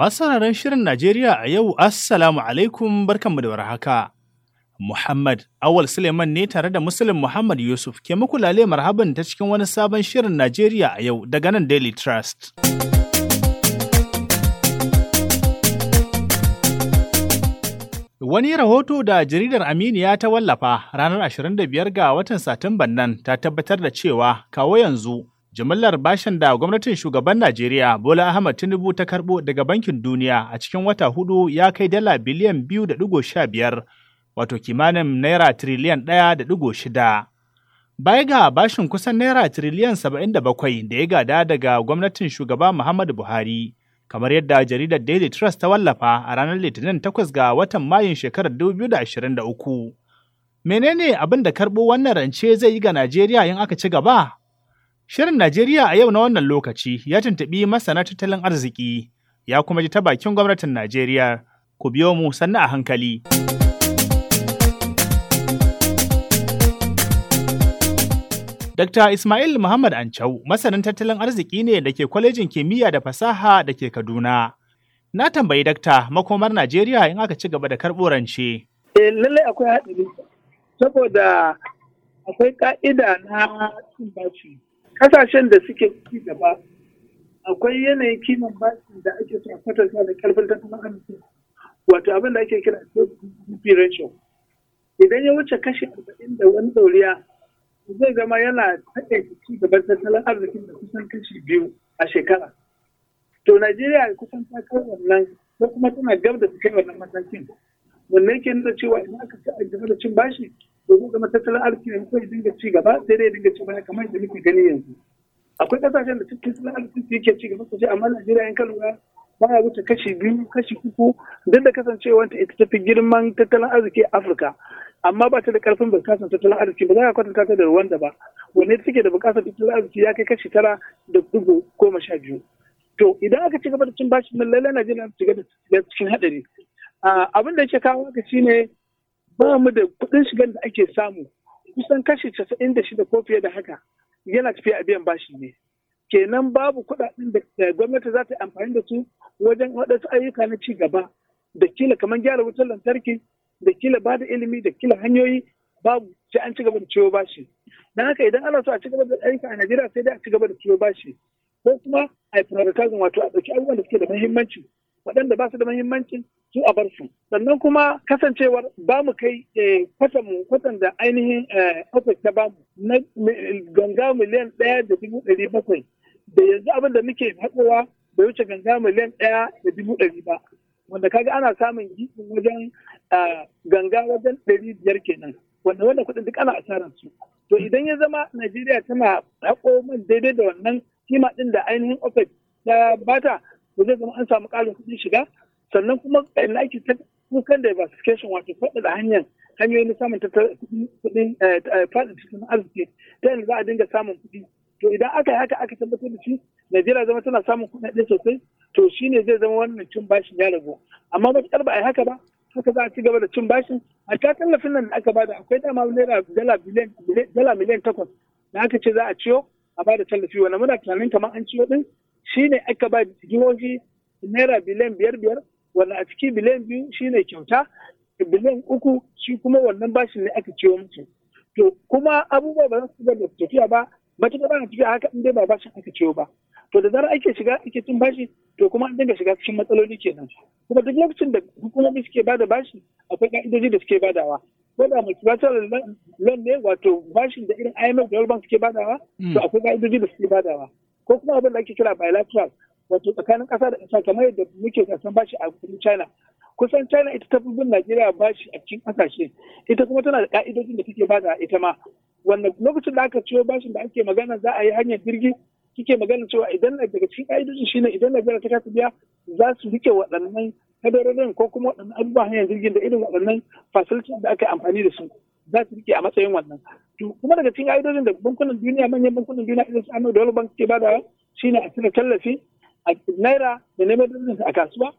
Masu sauraron Shirin Najeriya a yau, Assalamu alaikum barkanmu da warhaka. Muhammad Awal Suleiman ne tare da Muslim Muhammad Yusuf ke muku lale marhaban ta cikin wani sabon Shirin Najeriya a yau daga nan Daily Trust. Wani rahoto da jaridar Aminiya ta wallafa ranar 25 ga watan Satumban nan ta tabbatar da cewa kawo yanzu Jimillar bashin da gwamnatin shugaban Najeriya Bola Ahmed Tinubu ta karbo daga Bankin Duniya a cikin wata hudu ya kai dala biliyan biyu da ɗigo sha biyar, wato kimanin naira tiriliyan ɗaya da ɗigo shida. Baya ga bashin kusan naira tiriliyan saba'in da bakwai da ya gada daga gwamnatin shugaba Muhammadu Buhari, kamar yadda jaridar Daily Trust ta wallafa a ranar Litinin takwas ga watan Mayun shekarar 2023. Menene abin da karɓo wannan rance zai yi ga Najeriya in aka ci gaba? Shirin Najeriya a yau na wannan lokaci ya tuntuɓi masana tattalin arziki ya kuma ji ta bakin gwamnatin Najeriya ku biyo mu sannu a hankali. Dr. Ismail Muhammad Ancau masanin tattalin arziki ne da ke kwalejin kimiyya da fasaha da ke Kaduna. Na tambayi dakta makomar Najeriya in aka ci gaba da karɓo rance. E, lallai akwai haɗari saboda akwai ƙa'ida na cin bashi. kasashen da suke ci gaba akwai yanayin kiman bashi da ake so a kwatanta da karfin tattalin arziki wato abin da ake kira GDP ratio idan ya wuce kashi arba'in da wani dauriya zai zama yana taɗaita ci gaban tattalin arzikin da kusan kashi biyu a shekara to Najeriya kusan ta kai wannan ko kuma tana gab da kai wannan matakin wannan ke nuna cewa idan aka ci a gaba da cin bashi domin zama tattalin arziki ne kuma dinga ci gaba sai dai dinga ci baya kamar yadda muke gani yanzu akwai kasashen da tattalin arziki yake ci gaba sosai amma Najeriya in kalma lura baya wuce kashi biyu kashi uku duk da kasancewa ta ita tafi girman tattalin arziki a Afirka amma ba ta da karfin bukatar tattalin arziki ba za ka kwatanta ta da Rwanda ba wanne suke da bukatar tattalin arziki ya kai kashi tara da dubu goma sha biyu to idan aka ci gaba da cin bashi nan lallai Najeriya ta shiga cikin hadari ah, abin da ya yake kawo haka ne. ba mu da kuɗin shigan da ake samu kusan kashi casa'in da shida ko fiye da haka yana tafiya a biyan bashi ne kenan babu kuɗaɗen da gwamnati za ta yi amfani da su wajen waɗansu ayyuka na ci gaba da kila kamar gyara wutar lantarki da kila ba da ilimi da kila hanyoyi babu sai an ci gaba da ciwo bashi don haka idan ana so a ci gaba da ayyuka a najeriya sai dai a ci gaba da ciwo bashi ko kuma a yi wato a ɗauki abubuwan da suke da muhimmanci waɗanda ba su da muhimmanci su a bar su sannan kuma kasancewar ba mu kai eh, kwatan mu kwatan da ainihin eh, OPEC ta ba mu na ganga miliyan ɗaya da dubu ɗari bakwai da yanzu abin da muke haɗuwa bai wuce ganga miliyan ɗaya da dubu ɗari ba wanda kaga ana samun gibin wajen ganga wajen ɗari biyar kenan wanda wanda kuɗin duk ana asarar su to idan ya zama Najeriya tana haƙo man daidai da wannan kima ɗin da ainihin OPEC ta bata to zai zama an samu ƙarin kuɗin shiga sannan kuma na ake kukan diversification wato da hanyar hanyoyin samun kuɗin eh, eh, faɗin cikin arziki ta yadda za a dinga samun kuɗi to idan aka yi haka aka tabbatar da shi najeriya zama tana samun kuɗaɗe sosai to shi ne zai zama wannan cin bashin ya ragu amma matuƙar ba a yi haka ba haka za a ci gaba da cin bashin a ta tallafin nan da aka bada akwai dama naira dala miliyan takwas da aka ce za a ciyo a bada tallafi wani muna tunanin kamar an ciyo din ne aka ba jihohi naira biliyan biyar biyar wanda a ciki biliyan biyu shi ne kyauta biliyan uku shi kuma wannan bashin ne aka ciwo musu to kuma abubuwa ba za su da tafiya ba matuƙa ba tafiya haka in dai ba bashin aka ciwo ba to da zarar ake shiga ake cin bashi to kuma an dinga shiga cikin matsaloli kenan kuma duk lokacin da hukumomi suke bada bashi akwai ka'idoji da suke badawa ko da multilateral loan ne wato bashin da irin IMF da World Bank suke badawa to hmm. akwai ka'idoji da suke badawa ko kuma abin da ake kira bilateral wato tsakanin kasa da ƙasa kamar yadda muke gasan bashi a kudin china kusan china ita ta fi bin najeriya bashi a cikin ƙasashe ita kuma tana da ƙa'idojin da take bada ita ma wanda lokacin da aka ciwo bashin da ake magana za a yi hanyar jirgi kike magana cewa idan daga cikin ƙa'idojin shine idan najeriya ta kasa biya za su rike waɗannan kadarorin ko kuma waɗannan abubuwan hanyar jirgin da irin waɗannan facilities da aka amfani da su za su rike a matsayin wannan to kuma daga cikin ayyukan da bankunan duniya manyan bankunan duniya irin su Amurka Dollar Bank ke badawa shine a cire tallafi a naira da neman a kasuwa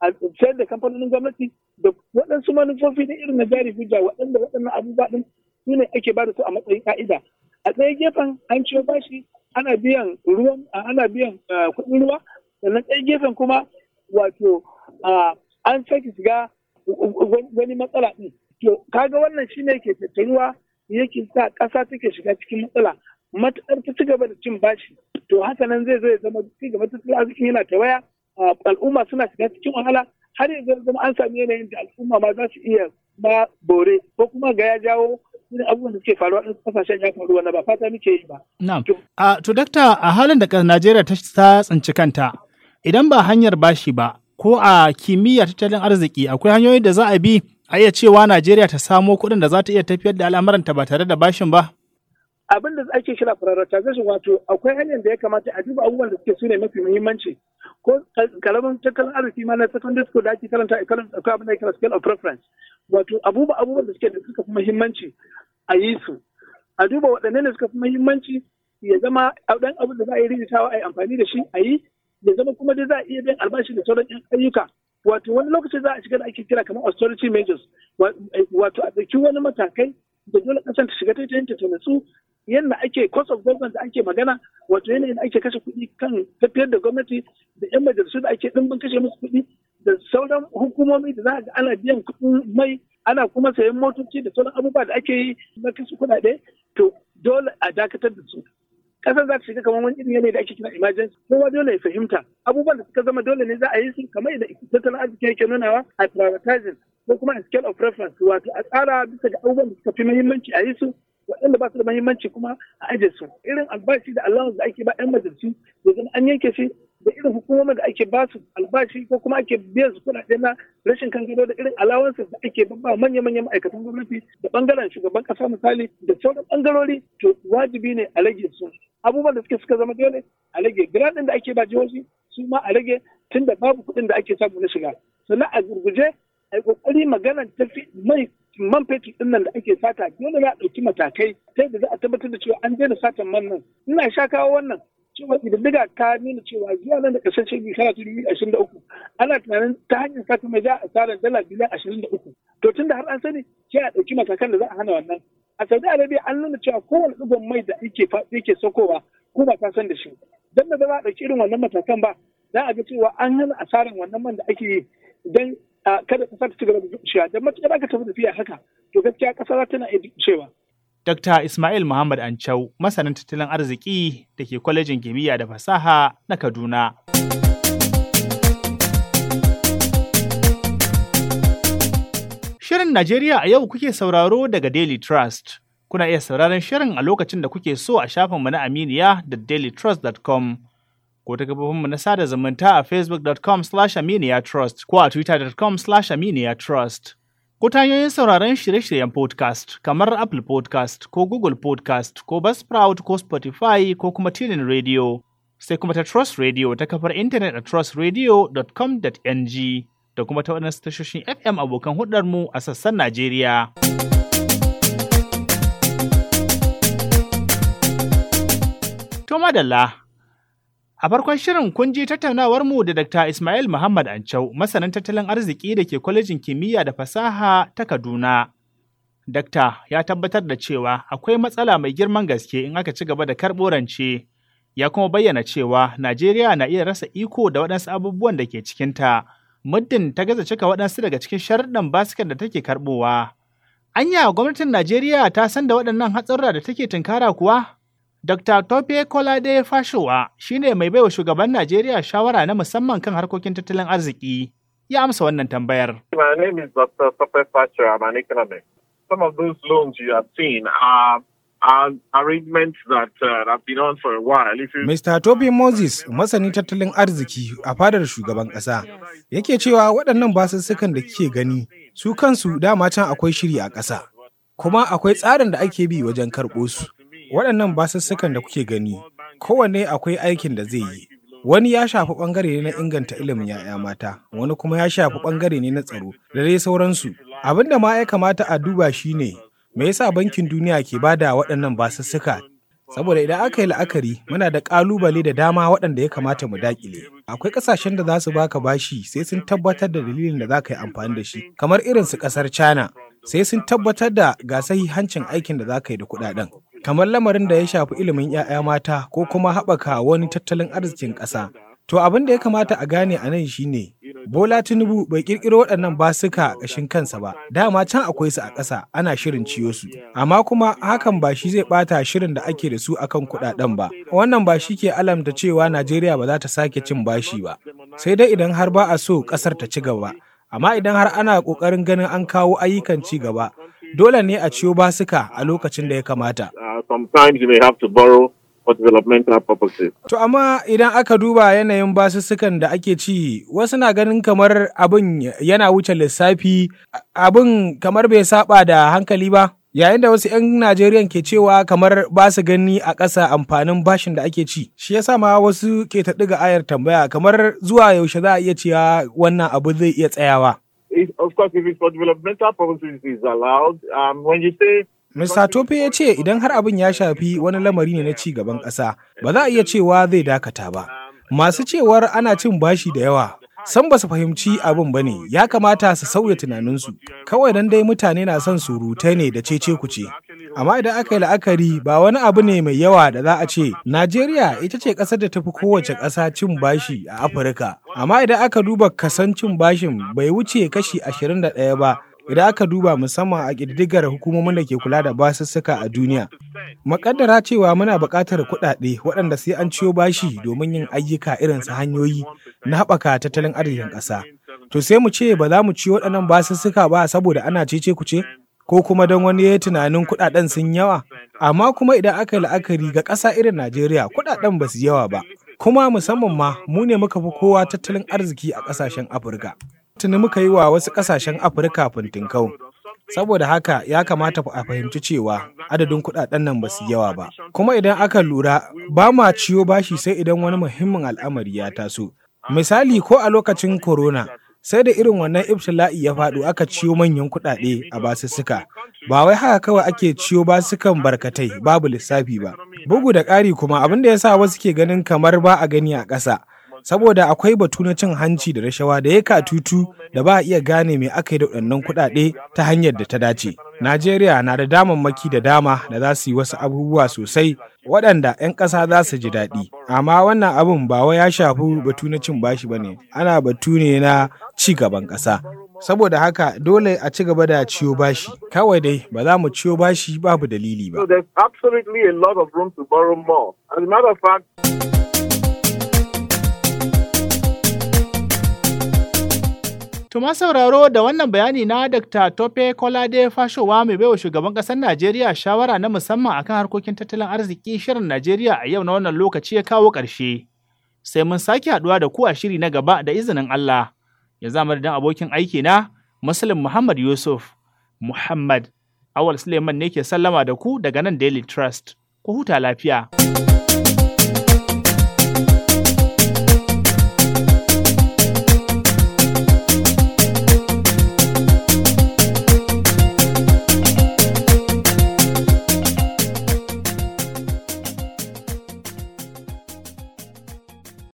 a sayar da kamfanonin gwamnati da waɗansu manufofi na irin na jari guda waɗanda waɗannan abubuwa ɗin su ne ake bada da su a matsayin kaida a tsaye gefen an ciwo bashi ana biyan ruwan ana biyan kuɗin ruwa sannan tsaye gefen kuma wato an sake shiga wani matsala ɗin to kaga wannan shine ke tattaruwa yake sa ƙasa take shiga cikin matsala matuƙar ta ci gaba da cin bashi to haka nan zai zo ya zama ci gaba tattalin arzikin yana ta waya al'umma suna shiga cikin wahala har yanzu zama an sami yanayin da al'umma ma za su iya ba bore ko kuma ga ya jawo irin abubuwan da suke faruwa a kasashen ya faru Na ba fata muke yi ba. Na'am. A to dakta a halin da Najeriya ta tsinci kanta idan ba hanyar bashi ba ko a kimiyya tattalin arziki akwai hanyoyi da za a bi a iya cewa Najeriya ta samo kuɗin da za ta iya tafiyar da al'amuranta ba tare da bashin ba? Abin da ake kira prioritization wato akwai hanyar da ya kamata a duba abubuwan da suke su ne mafi muhimmanci. Ko karamin tattalin arziki ma na secondary school da ake karanta a kalan akwai abin da ake scale of preference. Wato abubuwan da suke da suka fi muhimmanci a yi su. A duba waɗannan da suka fi muhimmanci ya zama ɗan abin da za a yi rijitawa a yi amfani da shi a yi ya zama kuma dai za a iya biyan albashi da sauran 'yan ayyuka wato wani lokaci za a shiga da ake kira kamar austerity measures eh, wato a ɗauki wani matakai da dole ƙasar ta shiga ta yi ta natsu yadda ake cost of government da ake magana wato yanayin da ake kashe kuɗi kan tafiyar da gwamnati da yan majalisu da ake ɗimbin kashe musu kuɗi da sauran hukumomi da za a ga ana biyan kuɗin mai ana kuma sayan motoci da sauran abubuwa da ake yi na kashe kuɗaɗe to dole a dakatar da su kasar za ta shiga kamar wani irin yanayi da ake kira emergency kowa dole ya fahimta abubuwan da suka zama dole ne za a yi su kamar da tattalin arziki yake nunawa a prioritizing ko kuma a scale of preference wato a tsara bisa ga abubuwan da suka fi muhimmanci a yi su waɗanda ba su da mahimmanci kuma a aje su irin albashi da allowance da ake ba 'yan majalisu da zama an yanke shi da irin hukumomin da ake ba su albashi ko kuma ake biyan su kuɗaɗe na rashin kan gado da irin alawansu da ake ba manya-manyan ma'aikatan gwamnati da ɓangaren shugaban ƙasa misali da sauran ɓangarori to wajibi ne a rage su abubuwan da suke suka zama dole a rage gradin da ake ba jihohi su ma a rage tunda babu kuɗin da ake samu na shiga sannan a gurguje a yi ƙoƙari ta tafi mai man fetur din nan da ake sata dole a ɗauki matakai sai da za a tabbatar da cewa an daina satan man nan ina sha kawo wannan cewa daga ta nuna cewa zuwa nan da ƙasar shekara ta dubu ashirin da uku ana tunanin ta hanyar sata mai za a tsara dala biliyan ashirin da uku to tun da har an sani sai a ɗauki matakan da za a hana wannan a saudi arabia an nuna cewa kowane ɗigon mai da ake yake saukowa ko ba ta san da shi dan da ba a ɗauki irin wannan matakan ba za a ga cewa an hana asarar wannan man da ake yi dan kada ka ta ci da zuciya don matuƙar aka tafi tafiya haka to gaskiya za tana iya cewa. Dr. Ismail Muhammad Ancau, masanin tattalin arziki da ke kwalejin kimiyya da fasaha na Kaduna. Shirin Najeriya a yau kuke sauraro daga Daily Trust. Kuna iya sauraron shirin a lokacin da kuke so a shafinmu na Aminiya da dailytrust.com ko ta mu na sada zumunta a facebook.com slash aminiyatrust ko a twitter.com slash aminiyatrust. Ko ta hanyoyin sauraron shirye-shiryen podcast kamar Apple podcast ko Google podcast ko Buzzsprout ko Spotify ko kuma Tunin Radio. Sai kuma ta Trust Radio ta kafar intanet a trustradio.com.ng da kuma ta waɗansu tashoshin FM abokan hudarmu a sassan Najeriya. To madalla. A farkon shirin kun ji tattaunawar mu da Dr. Ismail Muhammad Ancau, masanin tattalin arziki da ke kwalejin kimiyya da fasaha ta Kaduna. Dakta ya tabbatar da cewa akwai matsala mai girman gaske in aka ci gaba da karɓo rance, ya kuma bayyana cewa Najeriya na iya rasa iko da waɗansu abubuwan da ke cikinta, muddin ta gaza cika waɗansu daga cikin sharuɗan basikar da take karɓowa. Anya gwamnatin Najeriya ta san da waɗannan hatsarra da take tunkara kuwa? Dr. Tope Kolade Fashowa shi ne mai baiwa shugaban Najeriya shawara na musamman kan harkokin tattalin arziki ya amsa wannan tambayar. My name is Dr. Tope Mr. Uh, Toby Moses, masani tattalin arziki a fadar shugaban ƙasa, yake cewa waɗannan basussukan da kike gani su kansu dama can akwai shiri a ƙasa, kuma akwai tsarin da ake bi wajen karɓo su. waɗannan basussukan da kuke gani kowanne akwai aikin da zai yi wani ya shafi ɓangare ne na inganta ilimin ya'ya mata wani kuma ya shafi ɓangare ne na tsaro da dai sauransu abin da ma ya kamata a duba shi ne me yasa bankin duniya ke bada waɗannan basussuka saboda idan aka yi la'akari muna da ƙalubale da dama waɗanda ya kamata mu daƙile akwai ƙasashen da za su baka bashi sai sun tabbatar da dalilin da za ka yi amfani da shi kamar irin su ƙasar china sai sun tabbatar da ga sahihancin aikin da za ka yi da kuɗaɗen kamar lamarin da ya shafi ilimin 'ya'ya mata ko kuma haɓaka wani tattalin arzikin ƙasa. To abin da ya kamata a gane a nan shine Bola Tinubu bai ƙirƙiro waɗannan basuka a ƙashin kansa ba, dama can akwai su a ƙasa ana shirin ciyo su. Amma kuma hakan ba shi zai ɓata shirin da ake da su akan kuɗaɗen ba. Wannan ba shi ke alamta cewa Najeriya ba za ta sake cin bashi ba. Sai dai idan har ba a so ƙasar ta ci gaba. Amma idan har ana ƙoƙarin ganin an kawo ayyukan ci gaba, Dole ne a ciyo basuka a lokacin da ya kamata. Uh, for developmental purposes. To amma idan aka duba yanayin basussukan da ake ci wasu na ganin kamar abin yana wuce lissafi abin kamar bai saba da hankali ba. Yayin da wasu 'yan Najeriya ke cewa kamar ba su gani a ƙasa amfanin bashin da ake ci, shi yasa ma wasu ke ta ga ayar tambaya kamar zuwa yaushe za a iya cewa wannan abu zai iya tsayawa. of course, if it's for developmental purposes, is allowed. Um, when you say Mr. Tope ya ce idan har abin ya shafi wani lamari ne na ci gaban ƙasa, ba za a iya cewa zai dakata ba. Masu cewar ana cin bashi da yawa, san ba su fahimci abin ba ne, ya kamata su sauya tunaninsu, kawai dan dai mutane na son surutai ne da cece kuce. Amma idan aka yi la'akari ba wani abu ne mai yawa da za a ce Najeriya ita ce kasar da ta fi kowace ƙasa cin bashi a Afirka. Amma idan aka duba kasan cin bashin bai wuce kashi ashirin da 21 ba idan aka duba musamman a ƙididdigar hukumomin da ke kula da basussuka a duniya. Makaddara cewa muna buƙatar kuɗaɗe waɗanda sai an ciyo bashi domin yin ayyuka irin su hanyoyi na haɓaka tattalin arzikin ƙasa. To sai mu ce ba za mu ciyo waɗannan basussuka ba saboda ana cece kuce? ko kuma don wani ya yi tunanin kudaden sun yawa amma kuma idan aka yi la'akari ga ƙasa irin najeriya kudaden ba su yawa ba kuma musamman ma mu ne muka fi kowa tattalin arziki a ƙasashen afirka tuni muka yi wa wasu ƙasashen afirka fintinkau saboda haka ya kamata a fahimci cewa adadin kudaden nan ba su yawa ba kuma idan aka lura ba ma ciyo bashi sai idan wani muhimmin al'amari ya taso misali ko a lokacin corona sai da irin wannan ibtila'i ya faɗo aka ciyo manyan kuɗaɗe a basussuka ba wai haka kawai ake ciyo basukan barkatai babu lissafi ba bugu da ƙari kuma abin da ya sa wasu ke ganin kamar ba a gani a ƙasa saboda akwai batu na cin hanci da rashawa da ya katutu da ba a iya gane mai aka yi da waɗannan kuɗaɗe ta hanyar da ta dace. Najeriya na da damammaki da dama da za su yi wasu abubuwa sosai waɗanda 'yan ƙasa za su ji daɗi. Amma wannan abin ba wai ya shafi batu na cin bashi ba ne, ana batu ne na ci gaban ƙasa. Saboda haka dole a ci gaba da ciyo bashi, kawai dai ba za mu ciyo bashi babu dalili ba. So Tuma sauraro da wannan bayani na Dr. Tope Kolade Fashowa mai baiwa shugaban ƙasar Najeriya shawara na musamman akan harkokin tattalin arziki shirin Najeriya a yau na wannan lokaci ya kawo ƙarshe. Sai mun sake haɗuwa da ku a shiri na gaba da izinin Allah. Ya zama da abokin aiki na Muslim Muhammad Yusuf Muhammad Awal Suleiman ne ke sallama da ku daga nan Daily Trust. Ku huta lafiya.